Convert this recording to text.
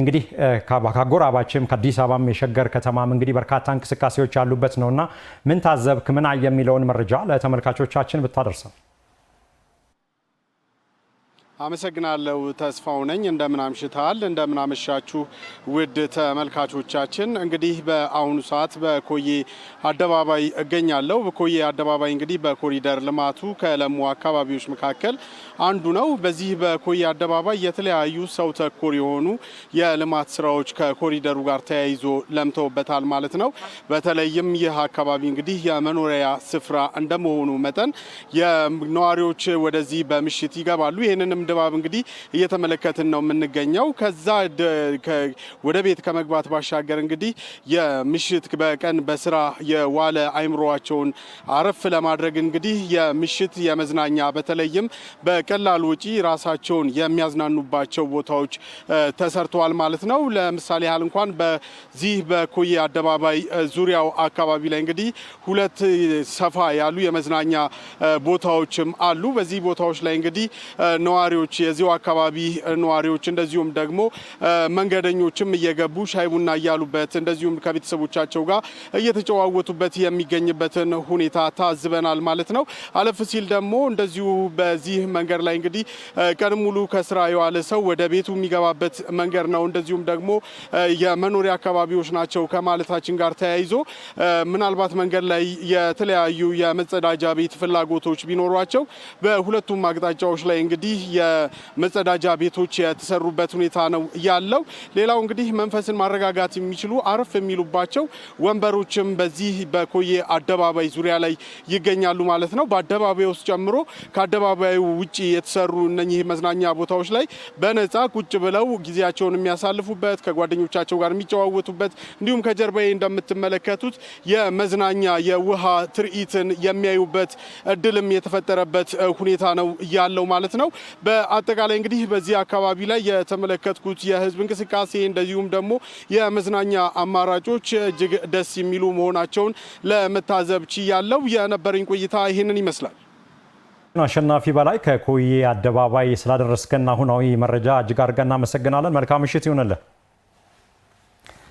እንግዲህ ካጎራባችም ከአዲስ አበባም የሸገር ከተማም እንግዲህ በርካታ እንቅስቃሴዎች ያሉበት ነውና ምን ታዘብክ ምን አየ የሚለውን መረጃ ለተመልካቾቻችን ብታደርሰው አመሰግናለሁ ተስፋው ነኝ። እንደምን አምሽታል? እንደምን አመሻችሁ ውድ ተመልካቾቻችን። እንግዲህ በአሁኑ ሰዓት በኮዬ አደባባይ እገኛለሁ። በኮዬ አደባባይ እንግዲህ በኮሪደር ልማቱ ከለሙ አካባቢዎች መካከል አንዱ ነው። በዚህ በኮዬ አደባባይ የተለያዩ ሰው ተኮር የሆኑ የልማት ስራዎች ከኮሪደሩ ጋር ተያይዞ ለምተውበታል ማለት ነው። በተለይም ይህ አካባቢ እንግዲህ የመኖሪያ ስፍራ እንደመሆኑ መጠን የነዋሪዎች ወደዚህ በምሽት ይገባሉ። ይህንንም ድባብ እንግዲህ እየተመለከትን ነው የምንገኘው። ከዛ ወደ ቤት ከመግባት ባሻገር እንግዲህ የምሽት በቀን በስራ የዋለ አይምሮቸውን አረፍ ለማድረግ እንግዲህ የምሽት የመዝናኛ በተለይም በቀላል ውጪ ራሳቸውን የሚያዝናኑባቸው ቦታዎች ተሰርተዋል ማለት ነው። ለምሳሌ ያህል እንኳን በዚህ በኮዬ አደባባይ ዙሪያው አካባቢ ላይ እንግዲህ ሁለት ሰፋ ያሉ የመዝናኛ ቦታዎችም አሉ። በዚህ ቦታዎች ላይ እንግዲህ ነዋሪ ነዋሪዎች፣ የዚሁ አካባቢ ነዋሪዎች እንደዚሁም ደግሞ መንገደኞችም እየገቡ ሻይ ቡና እያሉበት እንደዚሁም ከቤተሰቦቻቸው ጋር እየተጨዋወቱበት የሚገኝበትን ሁኔታ ታዝበናል ማለት ነው። አለፍ ሲል ደግሞ እንደዚሁ በዚህ መንገድ ላይ እንግዲህ ቀን ሙሉ ከስራ የዋለ ሰው ወደ ቤቱ የሚገባበት መንገድ ነው። እንደዚሁም ደግሞ የመኖሪያ አካባቢዎች ናቸው ከማለታችን ጋር ተያይዞ ምናልባት መንገድ ላይ የተለያዩ የመጸዳጃ ቤት ፍላጎቶች ቢኖሯቸው በሁለቱም አቅጣጫዎች ላይ እንግዲህ መጸዳጃ ቤቶች የተሰሩበት ሁኔታ ነው ያለው። ሌላው እንግዲህ መንፈስን ማረጋጋት የሚችሉ አረፍ የሚሉባቸው ወንበሮችም በዚህ በኮዬ አደባባይ ዙሪያ ላይ ይገኛሉ ማለት ነው። በአደባባይ ውስጥ ጨምሮ ከአደባባዩ ውጭ የተሰሩ እነኚህ መዝናኛ ቦታዎች ላይ በነጻ ቁጭ ብለው ጊዜያቸውን የሚያሳልፉበት ከጓደኞቻቸው ጋር የሚጨዋወቱበት እንዲሁም ከጀርባዬ እንደምትመለከቱት የመዝናኛ የውሃ ትርኢትን የሚያዩበት እድልም የተፈጠረበት ሁኔታ ነው ያለው ማለት ነው። በአጠቃላይ እንግዲህ በዚህ አካባቢ ላይ የተመለከትኩት የህዝብ እንቅስቃሴ እንደዚሁም ደግሞ የመዝናኛ አማራጮች እጅግ ደስ የሚሉ መሆናቸውን ለመታዘብ ችያለው። የነበረኝ ቆይታ ይህንን ይመስላል። አሸናፊ በላይ ከኮዬ አደባባይ ስላደረስከን አሁናዊ መረጃ እጅግ አድርገን እናመሰግናለን። መልካም ምሽት ይሁንልን።